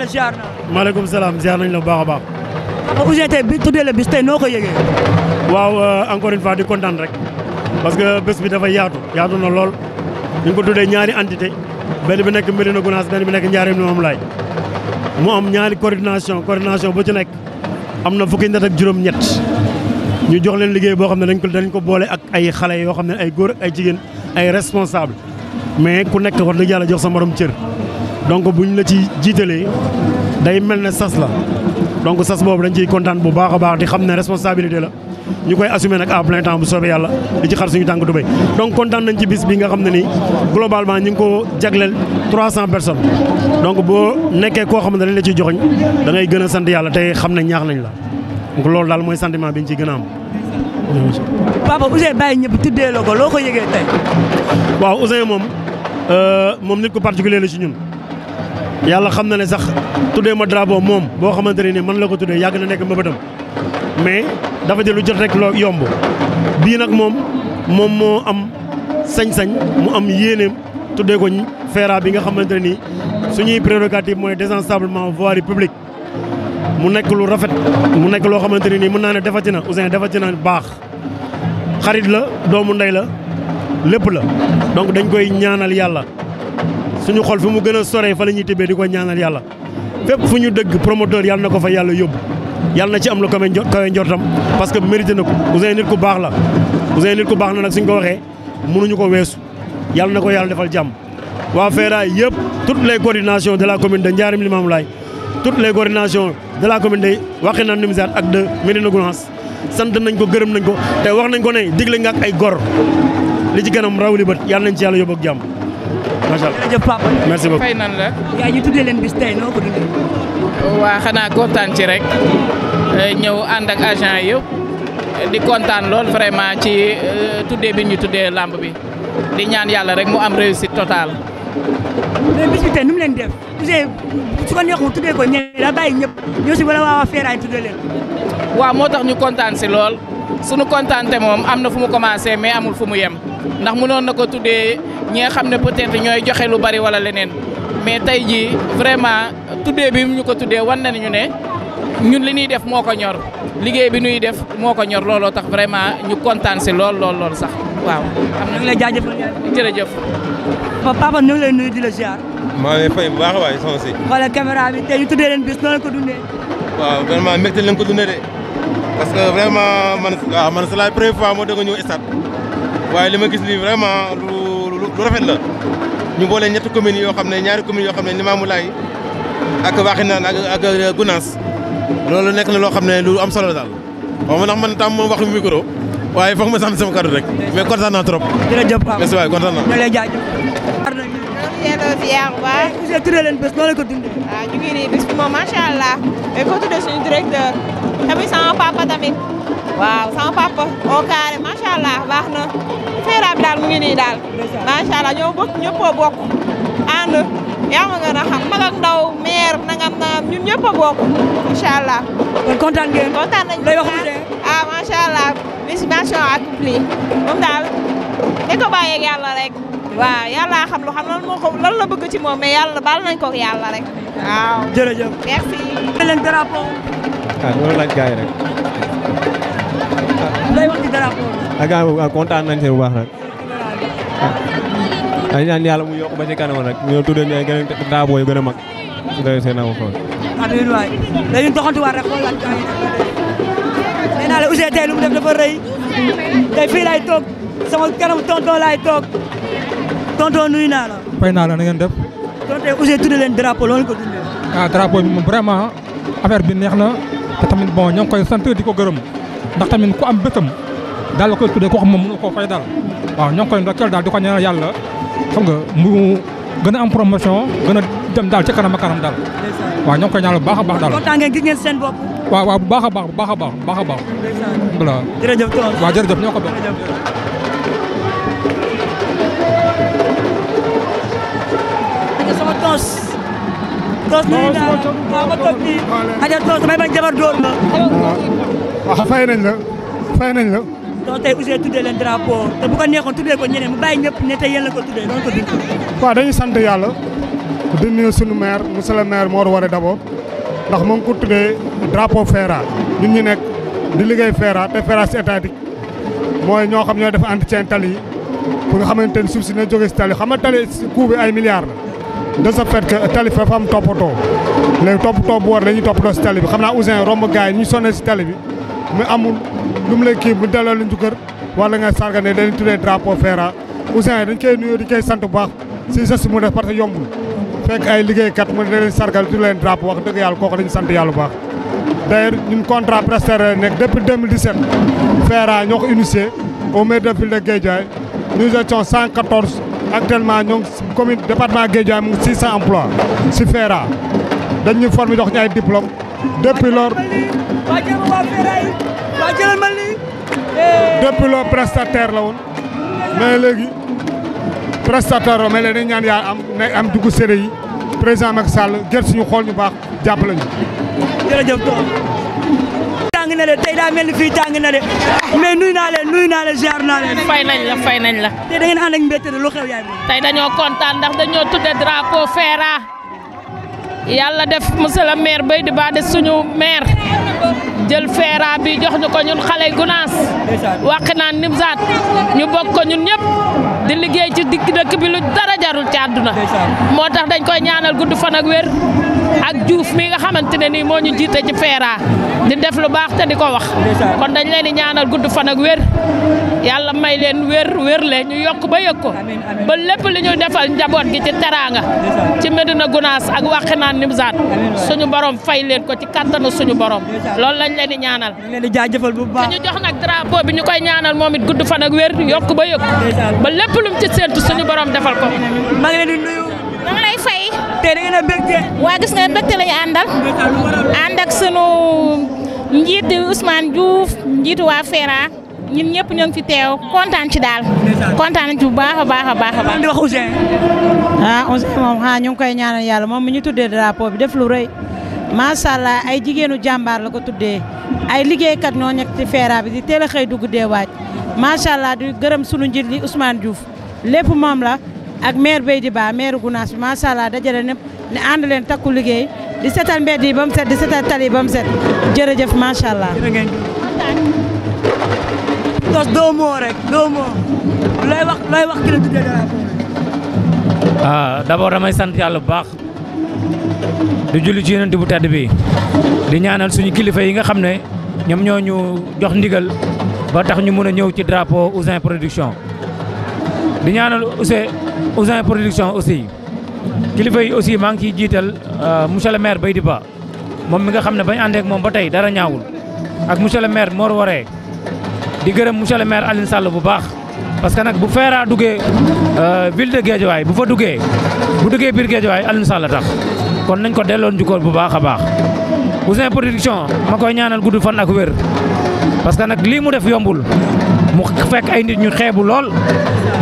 naa maaleykum salaam ziar nañ la baax a baax. papa Ouzin bi tuddee bis tey noo ko yëgee. waaw euh, encore une di kontaan rek parce que bés bi dafa yaatu yaatu na lool ñu ngi ñaari entité benn bi nekk Médina Gounass benn bi nekk Ndiarème Limamoulaye mu am ñaari coordination coordination bu ci nekk am na fukki nit ak juróom-ñett ñu jox leen liggéey boo xam ne dañ ko dañ ko boole ak ay xale yoo xam ne ay góor ay jigéen ay responsable mais ku nekk wax dëgg yàlla jox sa morom cër. donc bu ñu la ci jiitalee day mel ne sas la donc sas boobu dañ ciy kontaan bu baax a baax di xam ne responsabilité la ñu koy assumer nag à plein temps bu soobee yàlla di ci xar suñu tànk tubéy donc kontaan nañ ci bis bi nga xam ne nii globalement ñu ngi ko jagleel 300 personnes donc boo nekkee koo xam ne dañ la ciy joxoñ da ngay gën a sant yàlla tey xam ne ñaax nañ la donc loolu daal mooy sentiment bi ñu ciy gën a am. papa Ouzin bàyyi ñëpp tuddee la ko loo ko yëgee tey. waaw Ouzin moom euh, moom nit ko particulier la ci ñun. yàlla xam na ne sax tuddee ma drapeau moom boo xamante ne ni man la ko tuddee yàgg na nekk mbëbëtam mais dafa jël lu jot rek loo yomb bii nag moom moom moo am sañ-sañ mu am yéeneem tuddee koñ feera bi nga xamante ne nii suñuy prérogative mooy désensablement voirie publique mu nekk lu rafet mu nekk loo xamante ne nii mën naa ne defati na Ouzin defati na baax xarit la doomu ndey la lépp la donc dañ koy ñaanal yàlla suñu xol fi mu gën a soree fa la ñuy tibbee di ko ñaanal yàlla fépp fu ñu dëgg promoteur yàlla na ko fa yàlla yóbbu yàlla na ci am lu kawe kawe njortam parce que mérité na ko Ouzin nit ku baax la Ouzin nit ku baax na nag suñu ko waxee mënuñu ko weesu yàlla na ko yàlla defal jàmm waa FERA yëpp toutes les coordinations de la commune de Ndiarème Limamoulaye toutes les coordinations de la commune de Wakhinane Nimzatt ak de Médina Gounass sant nañ ko gërëm nañ ko te wax nañ ko ne digle nga ay gor li ci kanam raw li bët yàlla nañ ci yàlla yóbbu macha allah jërëjëf papa. merci fay nan la. yaa ñu tuddee leen bis tey noo ko dundee. waa xanaa kontaan ci rek eh, ñëw ànd ak agent yëpp di kontaan lool vraiment ci eh, tuddee bi ñu tuddee làmb bi di ñaan yàlla rek mu am réussite totale. mais bis leen def monsieur tuddee ko ñeneen daa bàyyi ñëpp ñoo si wala waa waa Feeraay tuddee waaw moo tax ñu kontaan si lool sunu kontaante moom am na fu mu commencé mais amul fu mu yem ndax mënoon na ko tuddee. ñi nga xam ne peut-être ñooy joxe lu bari wala leneen mais tey ji vraiment tuddee bi ñu ko tuddee wan nañu ne ñun li ñuy def moo ko ñor liggéey bi nuy def moo ko ñor looloo tax vraiment ñu kontaan si lool lool lool sax waaw. am na ñu lay jaajëfal jërëjëf. papa ñu ngi lay nuyu di la ziar. maa ngi lay fay bu baax waay soxna si. tey ñu tuddee leen bis noonu ko dundee. waaw vraiment mbégte lañ ko dundee de parce que vraiment man waaw man c'est la première moo dégg ñëw stade waaye lu rafet la ñu boole ñett communes yoo xam ne ñaari communes yoo xam ne Limamoulaye ak Waxinaan ak ak euh, loolu nekk na loo xam ne lu am solo daal waaw man ndax man tam moom waxu micro waaye foog ma sàmm sama kàddu rek mais kontaan naa trop. jërëjëf Pape merci naa. ñu nii bis bu moom macha allah il faut tuddee suñu directeur tamit sama papa tamit. waaw sama papa au carré macha allah baax na feeraay daal mu ngi nii daal. macha allah ñoo bokk ñëppoo bokk ànd yaa ma gën a xam mag ak ndaw meer nangam nangam ñun ñëpp a bokk incha allah. kon kontaan ngeen. kontaan nañu lay wax allah bis mission accomplie moom daal di ko bàyyeeg yàlla rek. waaw yàlla xam lu xam lan moo ko lan la bëgg ci moom mais yàlla baal nañ ko yàlla rek. waaw jërëjëf merci. leen drapeau. ah rek. lay wax ci drapeau ah, kontaan nañ seen bu baax nag. Ah, dañu ñaan yàlla mu yokk ba ci kanam nag ñoo tuddee ñu ay gën a drapeau yu rek xool naa la Ouzin tey lu mu def dafa rëy tey fii laay toog sama kanam tonton laay tonton nuyu naa la. fay naa la na ngeen def. tonton tey Ouzin tuddee loolu ko dundee. ah drapeau bi moom vraiment affaire bi neex na te tamit bon ñoo ngi koy sant di ko gërëm. ndax tamit ku am bëtam daal la koy tuddee ko xam moom mënu koo fay dal waaw ñoo ngi koy ndokkeel daal di ko ñaanal yàlla xam nga mu gën a am promotion gën a dem daal ci kanam a kanam daal waaw ñoo koy ñaanal bu baax a baax daal kontaan ngeen gis ngeen seen bopp waaw baax baax bu a a baax ñoo ko bokk waaw fay nañ la fay nañ la. donc tey Ouzin tuddee leen drapeau te bu ko neexoon tuddee ko ñeneen mu bàyyi ñëpp ne tey yéen la ko tuddee noonu ko sant yàlla di nuyu sunu maire monsieur le maire Mor Waré Dabo ndax mu ngi ko tuddee drapeau FERA ñun ñu nekk di liggéey FERA te FERA si étatique mooy ñoo xam ñoo def entretien tali yi pour nga xamante ni suuf si na jógee si tali xam nga tali coût ay milliards la de ce fait que tali fa fa am toppatoo léegi toppatoo bu war la ñu sonné si tali bi. mu amul lu mu lay kii mu delloo lu njukkër wala nga sargane dañuy tuddee drapeau Fera Ouzin dañ koy nuyoo di koy sant bu baax si geste mu def parce que yombul fekk ay liggéeykat mu da leen sargal di leen drapeau wax dëgg yàlla kooku dañu sant yàlla bu baax d'ailleurs ñun contrat prestataire nekk depuis 2017 Fera ñoo ko initié au maire de ville de Guédiawaye nous étions 114 actuellement ñoo ngi commune département Guédiawaye mu ngi 600 emplois si Fera dañ ñu formé jox ñu waa ma waa Feeraay waa jëlal ma lii. depuis loo prestataire la woon mais léegi prestataire la mais léegi ñaan yaa am na am yi président Macky Sall jël suñu xool ñu baax jàppale ñu. tey daa mel ni fii tàng na de mais nuyu naa leen nuyu naa leen fay nañ la fay nañ la. tey da ngeen ànd ak lu xew yaay tey dañoo kontaan ndax dañoo tudde drapeau Feera yàlla def monsieur le maire Baïdy Ba de suñu maire. jël feera bi jox ñu ko ñun xale Gunaas wàq naan ñu bokk ko ñun ñëpp. di liggéey ci digg dëkk bi lu dara jarul ci àdduna moo tax dañ koy ñaanal gudd fan ak wér ak Diouf mi nga xamante ne nii moo ñu jiite ci feera di def lu baax te di ko wax kon dañ leen di ñaanal gudd fan ak wér yàlla may leen wér wér le ñu yokk ba yëg ko ba lépp li ñu defal njaboot gi ci teraanga ci Medina Gunaas ak Waxinaan Nimzaat suñu borom fay leen ko ci kattanu suñu borom loolu lañ leen di ñaanal leen di jaajëfal bu baax jox nag drapeau bi ñu koy ñaanal moom it gudd fan ak wér yokk ba yëg lum ci séntu suñu borom defal ko. maa ngi leen nuyu. dama lay fay. tey da ngeen a mbégte. waa gis nga mbégte la ñu àndal. ànd ak sunu njiit Ousmane Diouf njiitu waa Fera ñun ñëpp ñoo ngi fi teew kontaan ci daal. kontaan nañ ci bu baax a baax a baax a baax. di wax Ousseyn. ah Ousseyn moom xanaa ah, ñu ngi koy ñaanal yàlla moom mi ñu tuddee drapeau bi def lu rëy. macha allah ay jigéenu jàmbaar la ko tuddee ay liggéeykat ñoo nekk ci feera bi di teel a xëy dugg dee waaj macha allah di gërëm sunu njiit li Ousmane Diouf. lépp moom la ak maire Beydi Ba maire Gounass bi macha allah dajale ñëpp ne ànd leen takku liggéey di setal mbedd yi ba mu set di setal tali ba mu set jërëjëf macha allah. tos doo moo rek doo moo looy wax looy wax ki la tuddee ah damay sant yàlla bu baax di julli ci yonent bu tedd bi di ñaanal suñu kilifa yi nga xam ne ñoom ñoo ñu jox ndigal ba tax ñu mën a ñëw ci drapeau Ouzin Production. di ñaanal Ousseyn Ousseyn production aussi kilifa yi aussi maa ngi ciy jiital euh, monsieur le maire Baydi Ba moom mi nga xam ne bañ àndeek moom ba tey dara ñaawul ak monsieur le maire Mor Waree di gërëm monsieur le maire Alioune Sall bu baax parce que nag bu feeraa duggee euh, ville de Guédiawaye bu fa duggee bu duggee biir Guédiawaye Alioune Sall tax kon nañ ko delloon jukkoor bu baax a baax Ouzin production ma koy ñaanal gudd fan ak wér parce que nag lii mu def yombul mu fekk ay nit ñu xeebu lool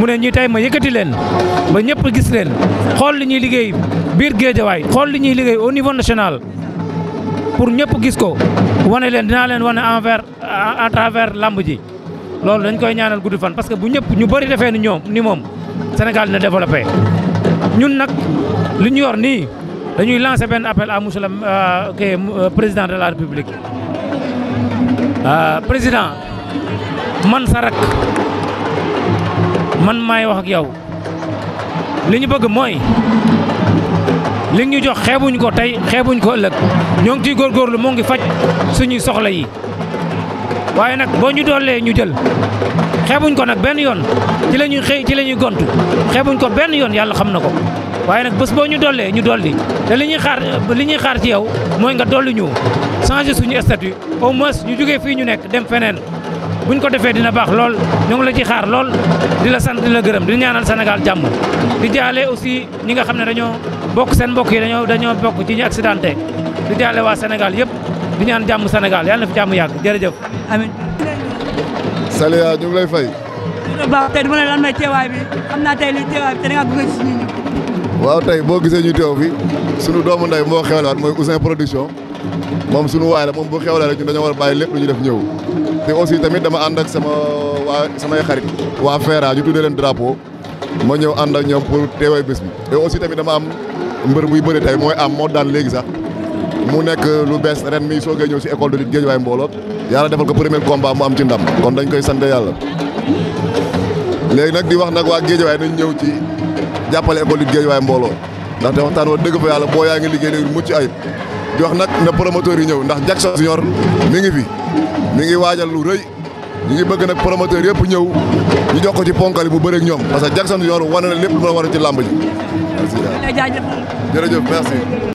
mu ne ñu tey ma yëkkati leen ba ñëpp gis leen xool li ñuy liggéey biir géejawaay xool li ñuy liggéey au niveau national pour ñëpp gis ko wane leen dinaa leen wane envers en travers lamb ji loolu dañ koy ñaanal guddi fan parce que bu ñëpp ñu bëri defee ni ñoom ni moom Sénégal dina développé ñun nag li ñu yor nii dañuy lancer benn appel à monsieur le euh, euh, président de la république euh, président man sa rak man maay wax ak yow li ñu bëgg mooy li ñu jox xeebuñ ko tey xeebuñ ko ëllëg ñoo ngi góor góorgóorlu moo ngi faj suñuy soxla yi waaye nag boo ñu doolee ñu jël xeebuñ ko nag benn yoon ci la ñuy xëy ci la ñuy gontu xeebuñ ko benn yoon yàlla xam na ko waaye nag bés boo ñu dollee ñu dolli te li ñuy xaar li ñuy xaar ci yow mooy nga dolli ñu changer suñu estatu au moins ñu jógee fii ñu nekk dem feneen buñ ko defee dina baax lool ñu ngi la ci xaar lool di la sant di la gërëm di ñaanal senegal jàmm di jaale aussi ñi nga xam ne dañoo bokk seen mbokk yi dañoo dañoo bokk ci ñu accidenté di jaale waa senegal yëpp di ñaan jàmm senegal yàlla na fi jàmm yàgg jërëjëf amiin Saliya ñu ngi lay fay baax tey boo gisee ñu teew bi sunu doomu nday moo xewlaat mooy Ouzin Production moom sunu waay la moom bu xewlaat rek ñun dañoo war a bàyyi lépp lu ñu def ñëw te aussi tamit dama ànd ak sama waa samay xarit waa feeraa ñu tuddee leen drapeau ma ñëw ànd ak ñoom pour teewee bés bi te aussi tamit dama am mbër buy bëri tey mooy am moo daan léegi sax mu nekk lu bees ren mi soogee ñëw si école de lutte Guédiawaye mbooloo yàlla defal ko premier combat mu am ci ndam kon dañ koy sant yàlla léegi nag di wax nag waa Guédiawaye nañ ñëw ci jàppale école de lutte Guédiawaye mbooloo ndaxte waxtaan wa dëgg fa yàlla boo yaa ngi liggéey léegi mucc ayib di wax nag na promoteur yi ndax Jackson Junior mi ngi ñu ngi waajal lu rëy ñu bëgg na promoteur yëpp ñëw ñu jox ko ci ponkali bu bëreeg ñoom parce que Jackson Junior wane na lépp lu ma war ci làmb ji. merci